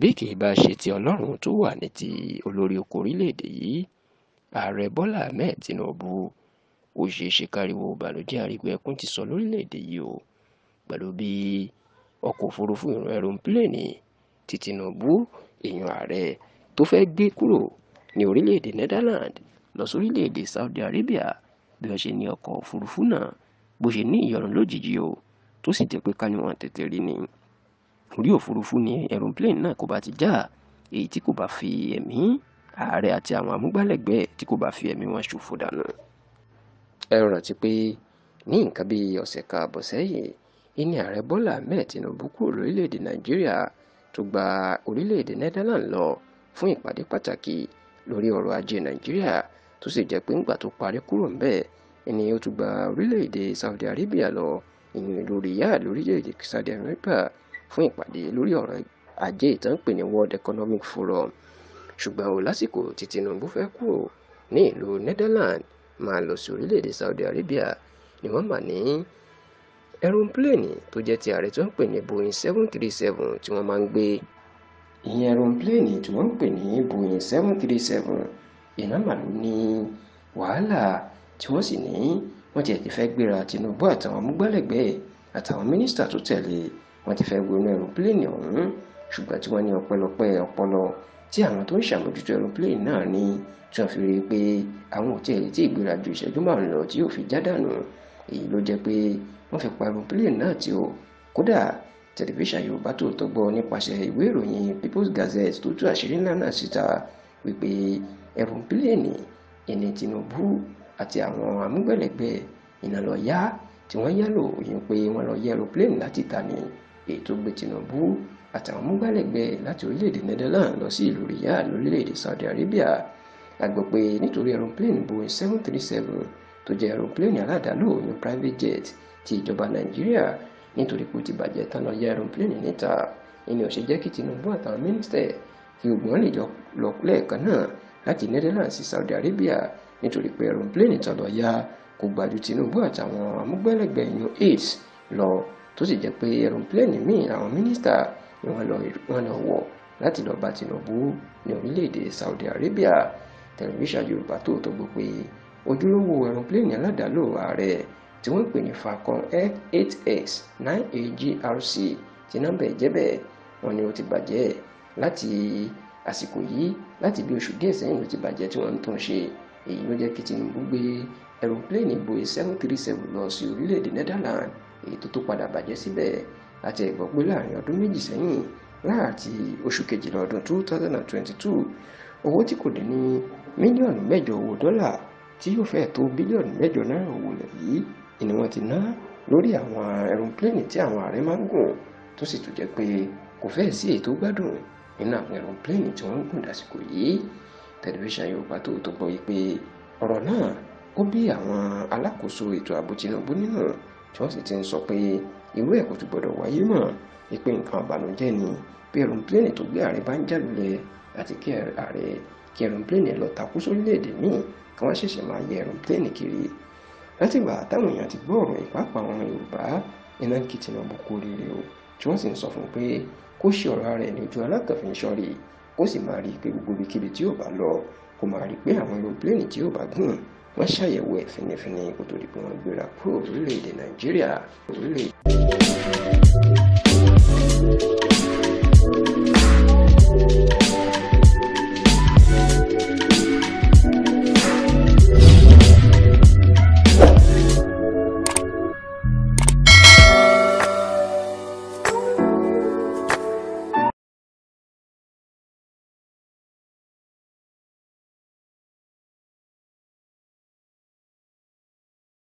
bí kì í bá ṣe ti ọlọ́run tó wà ní ti olórí oko orílẹ̀-èdè yìí ààrẹ bọ́lá ahmed tinubu ó ṣeé ṣe káriwo ìbànújẹ́ àrígbẹ́ ẹkún ti sọ lórílẹ̀-èdè yìí o pẹ̀lú bí ọkọ̀ òfurufú ìran ẹ̀rọ̀pìlẹ̀nì ti tinubu èèyàn ààrẹ tó fẹ́ gbé kúrò ní orílẹ̀-èdè netherlands lọ sórílẹ̀-èdè saudi arabia bí wọ́n ṣe ní ọkọ̀ òfurufú náà bó ṣe ní ìyọnu lójijì o tó sì jẹ́ pé ká wọn tètè rí ni orí òfurufú ni aeroplane náà kò bá ti já èyí tí kò bá fi ẹ̀mí ààrẹ àti àwọn amúgbálẹ́gbẹ̀ẹ́ tí kò bá fi ẹ̀mí wọn ṣòfò dànù. ẹ rántí pé ní nǹkan bíi ọ̀sẹ̀ kan àbọ̀ sẹ́yìn ìní ààrẹ Bọ́lá Ahmed Tinubu kúrò lórílẹ̀‐èdè Nàìjíríà tó gba orílẹ̀‐èdè Netherlands lọ fún ìpàdé pàtàkì lórí ọrọ̀ ajé Nàìjíríà tó sì jẹ́ pé ńgbà tó parí kúrò ńbẹ̀ ẹni ó tún gba orílẹ̀-èdè Saudi Arabia lọ ìyẹn lórí yá lórílẹ̀-èdè Saudi Arabia fún ìpàdé lórí ọ̀rọ̀ ajé ìtànpè ní World Economic Forum ṣùgbọ́n o lásìkò tí Tinubu fẹ́ kúrò ní ìlú Netherlands máa lọ sí orílẹ̀-èdè Saudi Arabia ni wọ́n mà ní ẹrọ̀npléènì tó jẹ́ ti ààrẹ tí wọ́n pè ní Boeing seven three seven tí wọ́n máa ń gbé ìyẹn ẹrọ̀npléènì tí wọ́n pè ní Boeing seven three seven iná màlúù ní wàhálà tí wọ́n sì ní wọ́n tiẹ̀ ti fẹ́ gbéra Tinubu àtàwọn amúgbálẹ́gbẹ̀ẹ́ àtàwọn mínísítà tó tẹ̀lé wọ́n ti fẹ́ wọnú ẹ̀rọ̀pléènì ọ̀hún ṣùgbọ́n tí wọ́n ní ọpẹ́lọpẹ́ ọpọlọ tí àwọn tó ń ṣàmójútó ẹ̀rọ̀pléènì náà ní tí wọ́n fi rí i pé àwọn ò tiẹ̀ tí ìgbéra ju ìṣẹ́jú márùn-ún lọ tí yóò fi já dànù èyí ló jẹ́ pé wọ́n fi pa ẹ̀rọ̀pléènì náà tí ó kódà tẹlifíṣàn Yorùbá Tòótọ́ gbọ́ nípasẹ̀ ìwé ìròyìn People's Gazette tó tú àṣírí ńlá náà síta wípé ẹ̀rọ̀pléènì ìní Tinubu àti àwọn amúgbẹ̀lẹ́gbẹ̀ ìnàlọ́yá tí wọ́n yálò yìí pé wọ́n lọ yẹ ẹ̀rọ̀pléènì láti ta ni èyí tó gbé Tinubu àtàwọn múgbálẹ́gbẹ́ láti orílẹ̀-èdè Netherlands lọ sí ìlú Riyadh lórílẹ̀-èdè Saudi Arabia a gbọ́ pé nítorí aeroplane Boeing 737 tó jẹ́ aeroplane aládàálò ní private jet ti ìjọba Nàìjíríà nítorí pé ó ti bàjẹ́ tán lọ ya aeroplane níta ìní ò ṣe jẹ́ kí Tinubu àtàwọn mínísítẹ̀ fi ògbọ́n lè lọ lẹ́ẹ̀kan náà láti Netherlands sí Saudi Arabia nítorí pé aeroplane tán lọ ya kò gbàjú Tinubu àtàwọn amúgbálẹ́gbẹ̀ẹ́ yan aids lọ tó sì jẹ́ pé èròǹpilẹ̀nì míì àwọn mínísítà ni wọ́n lọ wọ̀ láti lọ bá Tinubu ní orílẹ̀-èdè Saudi Arabia tẹlifíṣàn Yorùbá Tòótọ́ gbọ́ pé ojúlówó èròǹpilẹ̀nì aládàálò ààrẹ tí wọ́n ń pè ní Falcon eight 8 x 9 agrc tí nọ́mbà ìjẹ́bẹ̀ wọn ni ó ti bàjẹ́ láti àsìkò yìí láti bí oṣù díẹ̀ sẹ́yìn ló ti bàjẹ́ tí wọ́n ń tún ṣe èyí ló jẹ́ kí Tinubu gbé èròǹpilẹ̀nì Boeing 737 lọ sí orílẹ̀-èdè Netherlands èyí tó tó padà bàjẹ́ síbẹ̀ àti ẹ̀gbọ́ pé láàrin ọdún méjì sẹ́yìn láàti oṣù kejìlá ọdún 2022 owó tí kò dín ní mílíọ̀nù mẹ́jọ owó dọ́là tí yóò fẹ́ tó bílíọ̀nù mẹ́jọ náírà owó lẹ̀ yìí ni wọ́n ti ná lórí àwọn ẹ̀rọ̀pléènì tí àwọn ààrẹ máa ń gùn tó sì tún jẹ́ pé kò fẹ́ẹ̀ sí èyí tó gbádùn nínú àwọn ẹ̀rọ̀pléènì tí wọ́n ń gùn dásìkò yìí tẹlifíṣàn Yorùbá tó tó gbọ́ yìí pé ọ̀rọ̀ náà ó bí àwọn alákòóso ètò ààbò nínú tí wọ́n sì ti ń sọ pé irú ẹ̀ kò tún gbọ́dọ̀ wáyé mọ́ ìpè nǹkan àbànújẹ́ ni bí èròǹpilẹ̀nì tó gbé ààrẹ bá ń jà lulẹ̀ àti kí ààrẹ kí èròǹpilẹ̀nì lọ takú sórílẹ̀-èdè míì kí wọ́n ṣẹ̀ṣẹ̀ máa yẹ èròǹpilẹ̀nì kiri látìgbà táwọn èèyàn ti gbọ́ ọ̀rọ̀ ìpápá àwọn Yorùbá iná kí Tinubu kú oríire o tí wọ́n sì ń sọ fún un pé kó ṣe ọ̀rọ̀ ara ẹ̀ ní ojú alákànfin sọ́rí kó sì máa rí i pé gbogbo ibikíbi tí yóò bá lọ kó máa rí i pé àwọn èròǹpilẹ̀nì tí yóò bá gùn wọ́n ṣàyẹ̀wò ẹ̀ fínífíní kó tó di pé wọ́n gbéra kúrò lórílẹ̀‐èdè nàìjíríà lórílẹ̀‐èdè.